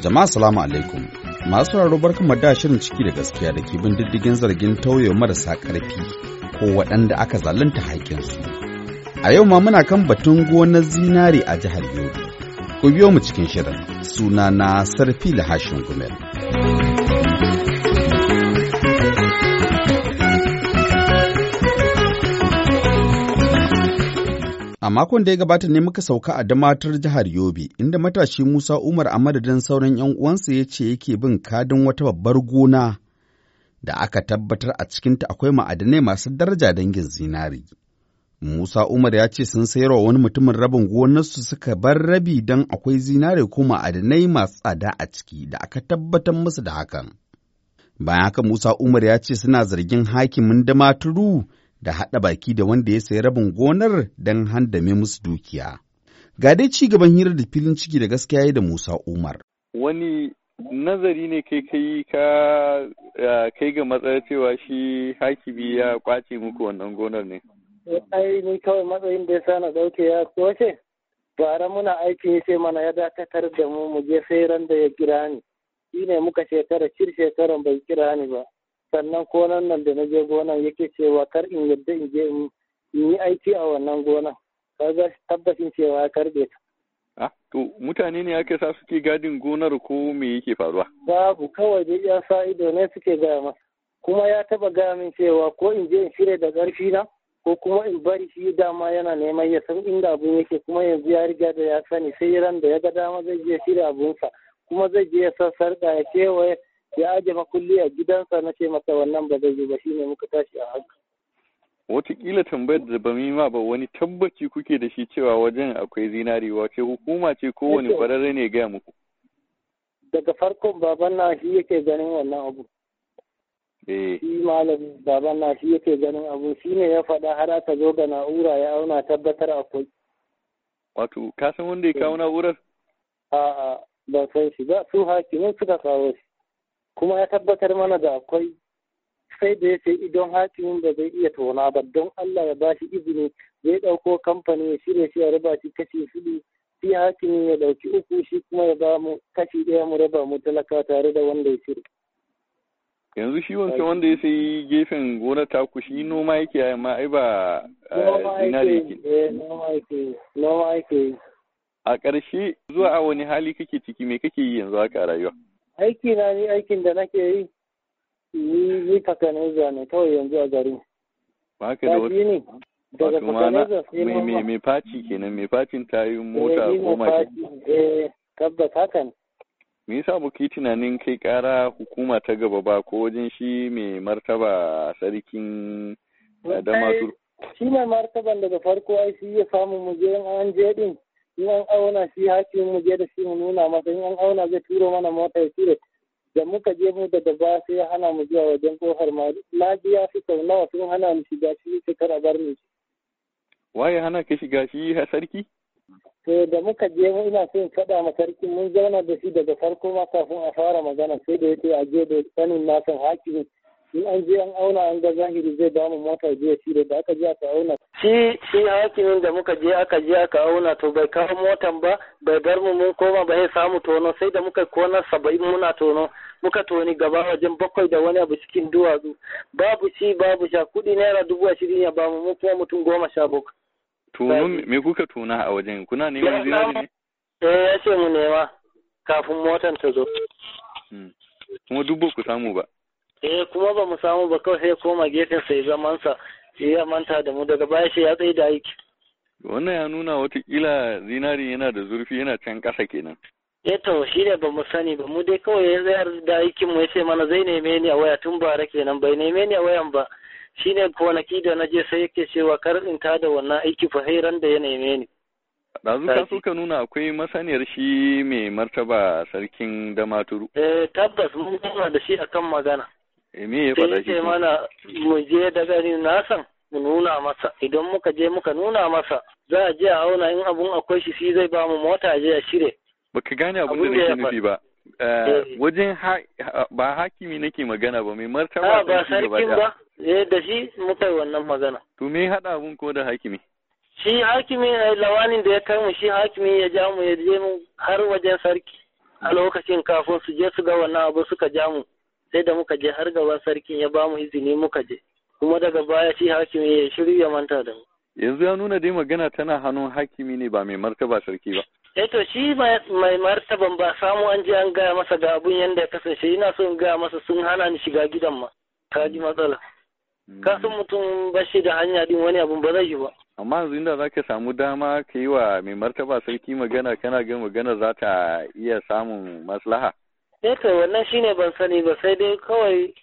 Jama'a salamu alaikum. Masu sauraro barkan da shirin ciki da gaskiya da ke bin diddigin zargin tauye marasa ƙarfi ko waɗanda aka zalunta haƙƙinsu. A yau ma muna kan batun gonar zinari a jihar Yobe. Ku biyo mu cikin shirin. Sunana sarfi Hashin Gumel. A makon da ya gabata ne muka sauka a damatar jihar Yobe, inda matashi Musa Umar a madadin sauran 'yan uwansa ya ce yake bin kadin wata babbar gona da aka tabbatar a cikinta akwai ma'adanai masu daraja dangin zinari. Musa Umar ya ce sun sayarwa wani mutumin rabin gonarsu suka bar rabi don akwai zinari ko ma'adanai masu tsada a ciki da aka tabbatar musu da hakan. Bayan haka Musa Umar ya ce suna zargin hakimin damaturu da haɗa baki da wanda ya sayi rabin gonar don handame musu dukiya. Ga dai ci gaban hirar da filin ciki da gaskiya da Musa Umar. Wani nazari ne kai kai ka kai ga matsayar cewa shi hakimi ya kwace muku wannan gonar ne. Ai ni kawai matsayin da ya sa na ɗauke ya kwace. Bara muna aiki sai mana ya dakatar da mu mu je sai ran ya kira ni. Shi ne muka shekara cir shekaran bai kira ni ba. sannan gonan nan da na je gonan yake cewa kar in yadda in je in yi aiki a wannan gonan kaga tabbacin cewa ya karbe ta Ah, to mutane ne aka sa suke gadin gonar ko me yake faruwa? Babu kawai dai ya sa ido ne suke gaya masa. Kuma ya taba gaya min cewa ko in je in shirya da ƙarfi na ko kuma in bari shi dama yana neman ya san inda abun yake kuma yanzu ya riga da ya sani sai ran da ya ga dama zai je shirya abunsa kuma zai je ya san sarƙa ya kewaye ya aje makulli a gidansa na ce masa wannan ba zai yi ba shine muka tashi a haka Wataƙila tambayar da ba ma ba wani tabbaci kuke da shi cewa wajen akwai zinari wace hukuma ce wani ƙwararre ne gaya muku. Daga farkon baban na shi yake ganin wannan abu. Eh. Shi malami baban na shi yake ganin abu shi ne ya faɗa har aka zo ga na'ura ya auna tabbatar akwai. Wato, ka san wanda ya kawo eh. na'urar? A'a, ban san shi ba, su hakimin suka kawo shi. kuma ya tabbatar mana da akwai sai da ya ce idon hakimin da zai iya tona ba don Allah ya bashi izini zai ɗauko kamfani ya shirya shi ya raba shi kashi hudu shi hakimin ya ɗauki uku shi kuma ya ba mu kashi ɗaya mu raba mu talaka tare da wanda ya shirya. yanzu shi wancan wanda ya sai gefen gonar taku shi noma yake amma ai ba eh, zinari yake eh, noma yake a ƙarshe zuwa a wani hali kake ciki me kake yi yanzu haka rayuwa aiki na ni aikin da nake yi ni ni fakanaiza ne kawai yanzu a garin ba ka da wata daga fakanaiza sai me me me faci kenan me facin tayin eh, mota ko mashin eh tabbata hakan me yasa muke tunanin kai kara hukuma ta gaba ba ko wajen shi mai martaba sarkin da matur shi mai martaban daga farko ai shi ya samu mu je an je din in an auna shi hakimin mu je da shi mu nuna masa in an auna zai turo mana mota ya tura da muka je mu da daba sai ya hana mu zuwa wajen kofar ma na biya su sau nawa sun hana mu shiga shi sai kar a bar mu waye hana ka shiga shi ha sarki to da muka je mu ina son faɗa ma sarki mun zauna da shi daga farko ma kafin a fara magana sai da yake a je da sanin nasan hakimin in an je an auna an ga zahiri zai ba mu mota jiya shi da aka je aka auna shi shi hakimin da muka je aka je aka auna to bai kawo motan ba bai bar mu mun koma ba sai samu tono sai da muka kona saba'in muna tono muka toni gaba wajen bakwai da wani abu cikin duwatsu babu shi babu sha kuɗi naira dubu ashirin ya bamu mu kuma mutum goma sha bakwai. tono me kuka tona a wajen kuna neman zinari ne. eh ya ce mu nema kafin motan ta zo. Hmm. kuma dubu ku samu ba. eh kuma ba mu samu ba kawai sai koma gefen sai zamansa sai ya manta da mu daga baya sai ya tsaye da aiki wannan ya nuna watakila zinari yana da zurfi yana can ƙasa kenan eh to shi ne ba mu sani ba mu dai kawai ya zayar da aikin mu ya ce mana zai neme ni a waya tun bara kenan bai neme ni a wayan ba shine kwanaki da na je sai yake cewa kar in ta da wannan aiki fahiran da ya neme ni ɗazu ka so nuna akwai masaniyar shi mai martaba sarkin damaturu eh tabbas mun gana da shi akan magana Emi eh, ya faɗa shi mana mu je da garin nasan mu nuna masa idan muka je muka nuna masa za a je a auna in abun akwai shi shi zai ba mu mota je a shire baka gane abun da nake nufi ba eh, eh. wajen ba hakimi nake magana ba mai martaba ah, ba sarkin ba eh da shi muka yi wannan magana to me haɗa abun ko da hakimi shi hakimi lawanin da ya kai mu shi hakimi ya ja mu ya je mu har wajen sarki a lokacin kafin su je su ga wannan abu suka ja mu sai da muka je har gaba sarkin ya ba mu izini muka je kuma daga baya shi hakimi ya shiru ya manta da mu yanzu ya nuna dai magana tana hannun hakimi ne ba mai martaba sarki ba eh to shi mai martaban ba samu an je an gaya masa ga abun yanda ya kasance ina so in gaya masa sun hana ni shiga gidan ma ka ji matsala hmm. ka san mutum ba shi da hanya din wani abun ba zai yi ba amma yanzu inda za ka samu dama ka yi wa mai martaba sarki magana kana ga magana za ta iya samun maslaha eh kai wannan shine ban sani ba sai dai kawai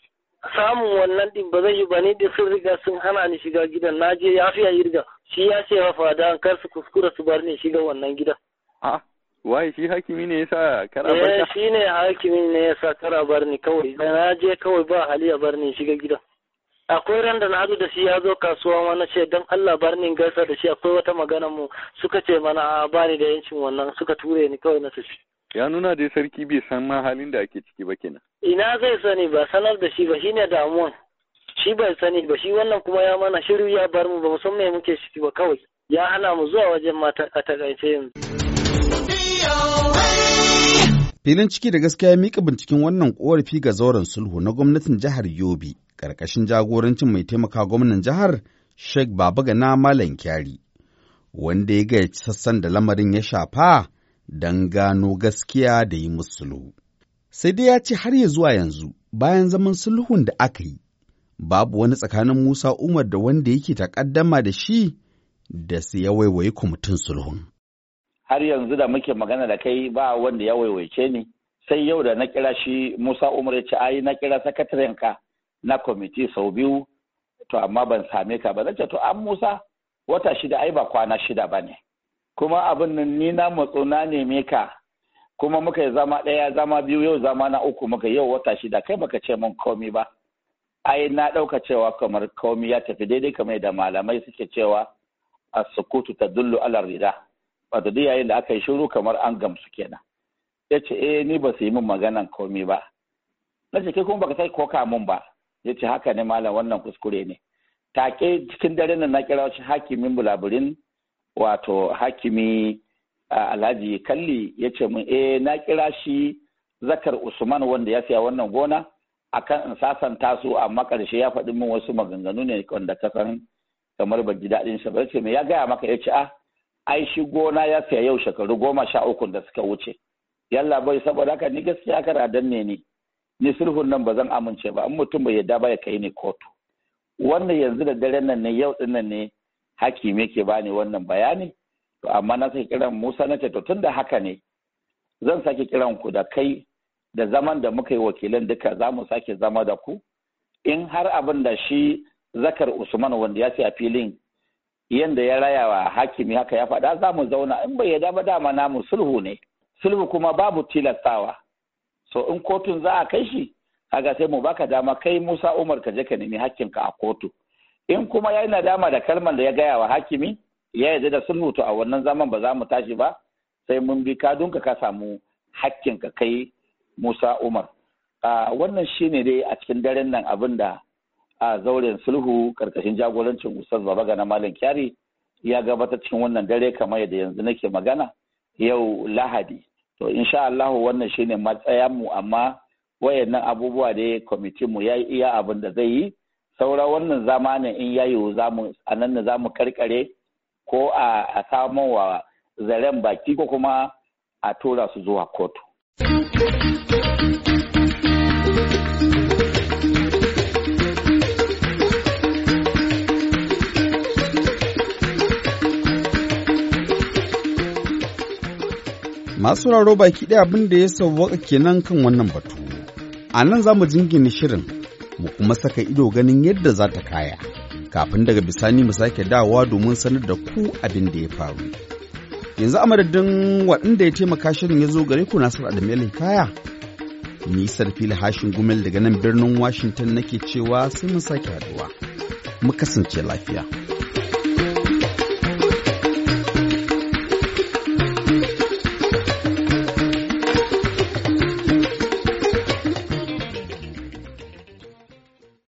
samun wannan din ba zai yi ba ni da sun riga sun hana ni shiga gidan na je ya fiya riga shi ya ce ma fada an kar su kuskura su bar ni shiga wannan gidan a wai shi hakimi ne yasa kara bar eh shi ne hakimi ne yasa kara bar ni kawai na je kawai ba hali bar ni shiga gidan akwai ran da na hadu da shi ya zo kasuwa mana ce don Allah bar ni gaisa da shi akwai wata magana mu suka ce mana a bani da yancin wannan suka ture ni kawai na tafi ya nuna dai sarki bai san ma halin da ake ciki ba kenan ina zai sani ba sanar da shi ba shine damuwan shi bai sani ba shi wannan kuma ya mana shiru ya bar mu ba mu san me muke ciki ba kawai ya hana mu zuwa wajen mata a takaice yanzu filin ciki da gaskiya ya mika binciken wannan korafi ga zauren sulhu na gwamnatin jihar yobe ƙarƙashin jagorancin mai taimaka gwamnan jihar sheikh babagana malam kyari wanda ya gaya sassan da lamarin ya shafa don gano gaskiya da yi musu sulhu. Sai dai ya ce har ya zuwa yanzu bayan zaman sulhun da aka yi, babu wani tsakanin Musa Umar da wanda yake takaddama da shi da su ya waiwayi kwamitin sulhun. Har yanzu da muke magana da kai ba wanda ya waiwaice ni, sai yau da na kira shi Musa Umar ya ce ai na kira sakatarenka na kwamiti sau biyu, to amma ban same ka ba. Zan to an Musa wata shida ai ba kwana shida ba ne. kuma abin nan ni na matso na neme ka kuma muka yi zama ɗaya zama biyu yau zama na uku muka yau wata shida kai baka ce mun komi ba ai na ɗauka cewa kamar komi ya tafi daidai kamar da malamai suke cewa a sukutu ta dullu alar rida wato duk yayin da aka yi shiru kamar an gamsu kenan ya ce eh ni ba su yi min maganan komi ba na ce kai kuma baka sai koka mun ba ya ce haka ne malam wannan kuskure ne take cikin dare nan na kira shi hakimin bulaburin wato hakimi alhaji kalli ya ce mun eh na kira shi zakar usman wanda ya siya wannan gona akan in sasanta su amma karshe ya faɗi min wasu maganganu ne wanda ka san kamar ba ji daɗin shi ba ce me ya gaya maka ya ce a ah, ai shi gona ya siya yau shekaru goma sha uku da suka wuce yalla bai saboda haka ni gaskiya kana danne ni ni sulhun nan ba zan amince ba in mutum bai yarda ba ya kai ni kotu wannan yanzu da daren nan ne yau ɗin nan ne hakim ke bani wannan bayani to amma na sake kiran Musa na ce to tunda haka ne zan sake kiran ku da kai da zaman da muka yi wakilan duka za mu sake zama da ku in har abin da shi zakar usman wanda ya ce filin yanda ya rayawa wa hakimi haka ya faɗa za mu zauna in bai yada ba dama namu sulhu ne sulhu kuma babu tilastawa so in kotun za a kai shi kaga sai mu baka dama kai musa umar ka je ka nemi hakkinka a kotu in kuma ya yi nadama da kalmar da ya gaya wa hakimi ya yi da sulhu to a wannan zaman ba za mu tashi ba sai mun bi ka dunka ka samu ka kai musa umar wannan shine dai a cikin daren nan abin da a zauren sulhu karkashin jagorancin usar ga na malam kyari ya gabatar cikin wannan dare kamar yadda yanzu nake magana yau lahadi to insha Allah wannan shine matsayanmu amma wayannan abubuwa da kwamitin mu ya yi iya abin da zai yi saura wannan zamanin in ya yiwu zamu a nan ne zamu karkare ko a samun wa zaren baki ko kuma a tura su zuwa kotu. Masu raro baki ɗaya abin da ya sauwaka kenan kan wannan batu. A nan za mu jingine shirin mu kuma saka ido ganin yadda za ta kaya kafin daga bisani mu sake dawowa domin sanar da ku abin da ya faru yanzu a madadin waɗanda ya taimaka shirin ya zo gare ku nasar adamu kaya Ni fili hashin gumel daga nan birnin washington nake cewa sai mu sake haduwa mu kasance lafiya